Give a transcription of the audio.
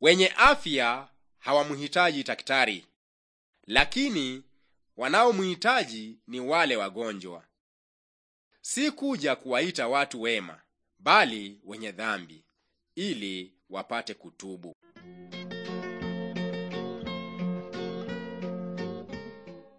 Wenye afya hawamhitaji daktari, lakini wanaomhitaji ni wale wagonjwa. Si kuja kuwaita watu wema, bali wenye dhambi ili wapate kutubu.